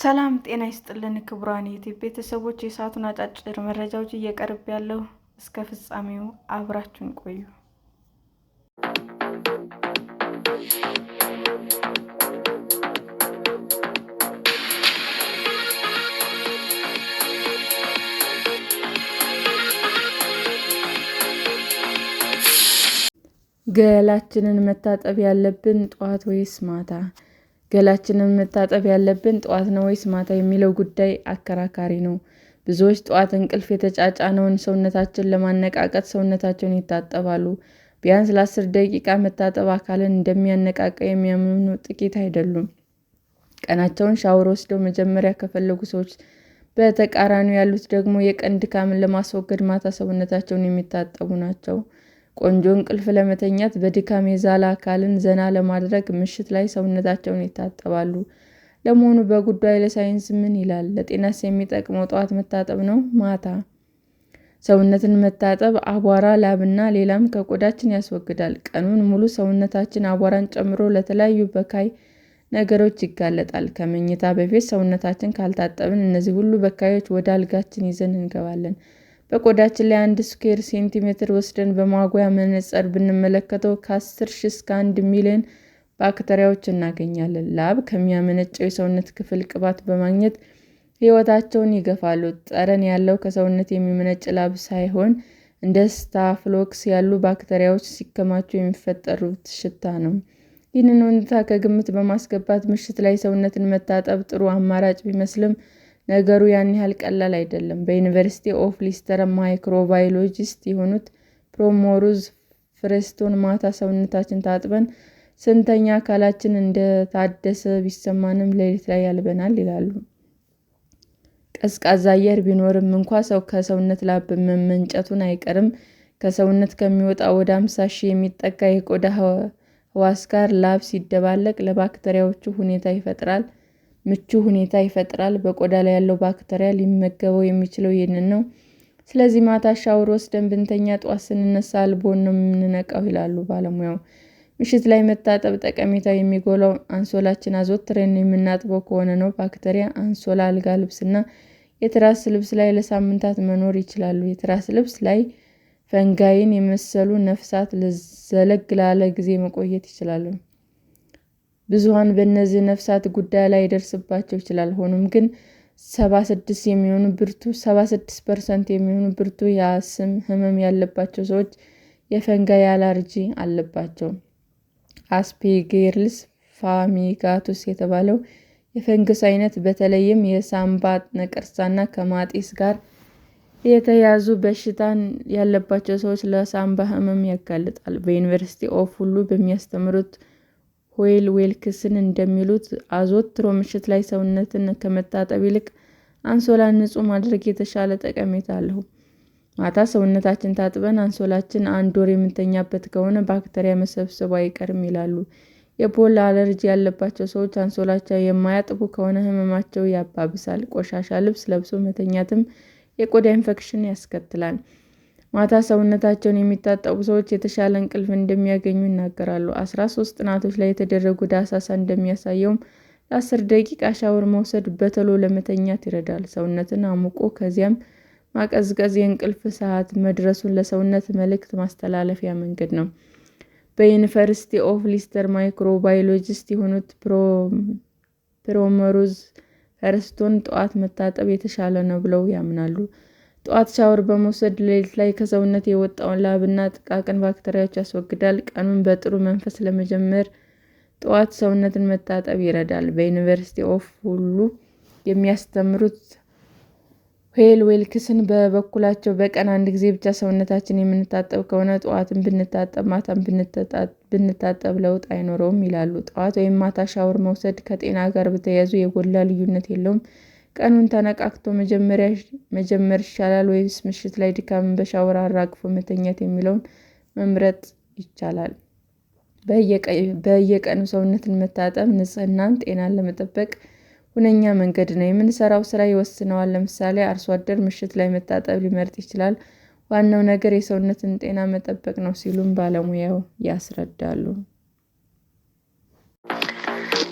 ሰላም ጤና ይስጥልን ክቡራን ዩቲ ቤተሰቦች፣ የሰዓቱን አጫጭር መረጃዎች እየቀርብ ያለው እስከ ፍጻሜው አብራችን ቆዩ። ገላችንን መታጠብ ያለብን ጠዋት ወይስ ማታ? ገላችንን መታጠብ ያለብን ጠዋት ነው ወይስ ማታ የሚለው ጉዳይ አከራካሪ ነው። ብዙዎች ጠዋት እንቅልፍ የተጫጫነውን ሰውነታቸውን ለማነቃቀጥ ሰውነታቸውን ይታጠባሉ። ቢያንስ ለአስር ደቂቃ መታጠብ አካልን እንደሚያነቃቃ የሚያምኑ ጥቂት አይደሉም። ቀናቸውን ሻወር ወስደው መጀመሪያ ከፈለጉ ሰዎች በተቃራኒው ያሉት ደግሞ የቀን ድካምን ለማስወገድ ማታ ሰውነታቸውን የሚታጠቡ ናቸው። ቆንጆ እንቅልፍ ለመተኛት በድካም የዛለ አካልን ዘና ለማድረግ ምሽት ላይ ሰውነታቸውን ይታጠባሉ። ለመሆኑ በጉዳዩ ላይ ሳይንስ ምን ይላል? ለጤናስ የሚጠቅመው ጠዋት መታጠብ ነው? ማታ? ሰውነትን መታጠብ አቧራ፣ ላብና ሌላም ከቆዳችን ያስወግዳል። ቀኑን ሙሉ ሰውነታችን አቧራን ጨምሮ ለተለያዩ በካይ ነገሮች ይጋለጣል። ከመኝታ በፊት ሰውነታችን ካልታጠብን እነዚህ ሁሉ በካዮች ወደ አልጋችን ይዘን እንገባለን። በቆዳችን ላይ አንድ ስኩዌር ሴንቲሜትር ወስደን በማጓያ መነጽር ብንመለከተው ከ10 ሺህ እስከ 1 ሚሊዮን ባክቴሪያዎች እናገኛለን። ላብ ከሚያመነጨው የሰውነት ክፍል ቅባት በማግኘት ሕይወታቸውን ይገፋሉ። ጠረን ያለው ከሰውነት የሚመነጭ ላብ ሳይሆን እንደ ስታፍሎክስ ያሉ ባክተሪያዎች ሲከማቹ የሚፈጠሩት ሽታ ነው። ይህንን ሁኔታ ከግምት በማስገባት ምሽት ላይ ሰውነትን መታጠብ ጥሩ አማራጭ ቢመስልም ነገሩ ያን ያህል ቀላል አይደለም። በዩኒቨርሲቲ ኦፍ ሊስተር ማይክሮባዮሎጂስት የሆኑት ፕሮሞሩዝ ፍሬስቶን ማታ ሰውነታችን ታጥበን ስንተኛ አካላችን እንደታደሰ ቢሰማንም ሌሊት ላይ ያልበናል ይላሉ። ቀዝቃዛ አየር ቢኖርም እንኳ ሰው ከሰውነት ላብ መመንጨቱን አይቀርም። ከሰውነት ከሚወጣ ወደ አምሳ ሺህ የሚጠጋ የቆዳ ህዋስ ጋር ላብ ሲደባለቅ ለባክተሪያዎቹ ሁኔታ ይፈጥራል። ምቹ ሁኔታ ይፈጥራል። በቆዳ ላይ ያለው ባክቴሪያ ሊመገበው የሚችለው ይህንን ነው። ስለዚህ ማታ ሻወር ወስደን ብንተኛ ጠዋት ስንነሳ አልቦን ነው የምንነቃው ይላሉ ባለሙያው። ምሽት ላይ መታጠብ ጠቀሜታ የሚጎላው አንሶላችን አዘውትረን የምናጥበው ከሆነ ነው። ባክቴሪያ አንሶላ፣ አልጋ ልብስና የትራስ ልብስ ላይ ለሳምንታት መኖር ይችላሉ። የትራስ ልብስ ላይ ፈንጋይን የመሰሉ ነፍሳት ዘለግ ላለ ጊዜ መቆየት ይችላሉ። ብዙኃን በእነዚህ ነፍሳት ጉዳይ ላይ ይደርስባቸው ይችላል። ሆኖም ግን 76% የሚሆኑ ብርቱ 76 ፐርሰንት የሚሆኑ ብርቱ የአስም ህመም ያለባቸው ሰዎች የፈንጋይ አለርጂ አለባቸው። አስፔርጊልስ ፋሚጋቱስ የተባለው የፈንገስ አይነት በተለይም የሳምባ ነቀርሳና ከማጢስ ጋር የተያዙ በሽታን ያለባቸው ሰዎች ለሳምባ ህመም ያጋልጣል። በዩኒቨርሲቲ ኦፍ ሁሉ በሚያስተምሩት ሆይል ዌልክስን እንደሚሉት አዘወትሮ ምሽት ላይ ሰውነትን ከመታጠብ ይልቅ አንሶላን ንጹህ ማድረግ የተሻለ ጠቀሜታ አለው። ማታ ሰውነታችን ታጥበን አንሶላችን አንድ ወር የምንተኛበት ከሆነ ባክቴሪያ መሰብሰቡ አይቀርም ይላሉ። የፖል አለርጂ ያለባቸው ሰዎች አንሶላቸው የማያጥቡ ከሆነ ህመማቸው ያባብሳል። ቆሻሻ ልብስ ለብሶ መተኛትም የቆዳ ኢንፌክሽን ያስከትላል። ማታ ሰውነታቸውን የሚታጠቡ ሰዎች የተሻለ እንቅልፍ እንደሚያገኙ ይናገራሉ። አስራ ሶስት ጥናቶች ላይ የተደረጉ ዳሳሳ እንደሚያሳየውም ለአስር ደቂቃ ሻወር መውሰድ በቶሎ ለመተኛት ይረዳል። ሰውነትን አሙቆ ከዚያም ማቀዝቀዝ የእንቅልፍ ሰዓት መድረሱን ለሰውነት መልዕክት ማስተላለፊያ መንገድ ነው። በዩኒቨርሲቲ ኦፍ ሊስተር ማይክሮባዮሎጂስት የሆኑት ፕሮሜሮዝ ከርስቶን ጠዋት መታጠብ የተሻለ ነው ብለው ያምናሉ። ጠዋት ሻወር በመውሰድ ሌሊት ላይ ከሰውነት የወጣውን ላብና ጥቃቅን ባክቴሪያዎች ያስወግዳል። ቀኑን በጥሩ መንፈስ ለመጀመር ጠዋት ሰውነትን መታጠብ ይረዳል። በዩኒቨርሲቲ ኦፍ ሁሉ የሚያስተምሩት ሄል ዌልክስን በበኩላቸው በቀን አንድ ጊዜ ብቻ ሰውነታችን የምንታጠብ ከሆነ ጠዋትን ብንታጠብ ማታን ብንታጠብ ለውጥ አይኖረውም ይላሉ። ጠዋት ወይም ማታ ሻወር መውሰድ ከጤና ጋር በተያያዙ የጎላ ልዩነት የለውም። ቀኑን ተነቃክቶ መጀመር ይሻላል ወይስ ምሽት ላይ ድካምን በሻወር አራግፎ መተኛት የሚለውን መምረጥ ይቻላል? በየቀኑ ሰውነትን መታጠብ ንጽህናን፣ ጤናን ለመጠበቅ ሁነኛ መንገድ ነው። የምንሰራው ስራ ይወስነዋል። ለምሳሌ አርሶ አደር ምሽት ላይ መታጠብ ሊመርጥ ይችላል። ዋናው ነገር የሰውነትን ጤና መጠበቅ ነው ሲሉም ባለሙያው ያስረዳሉ።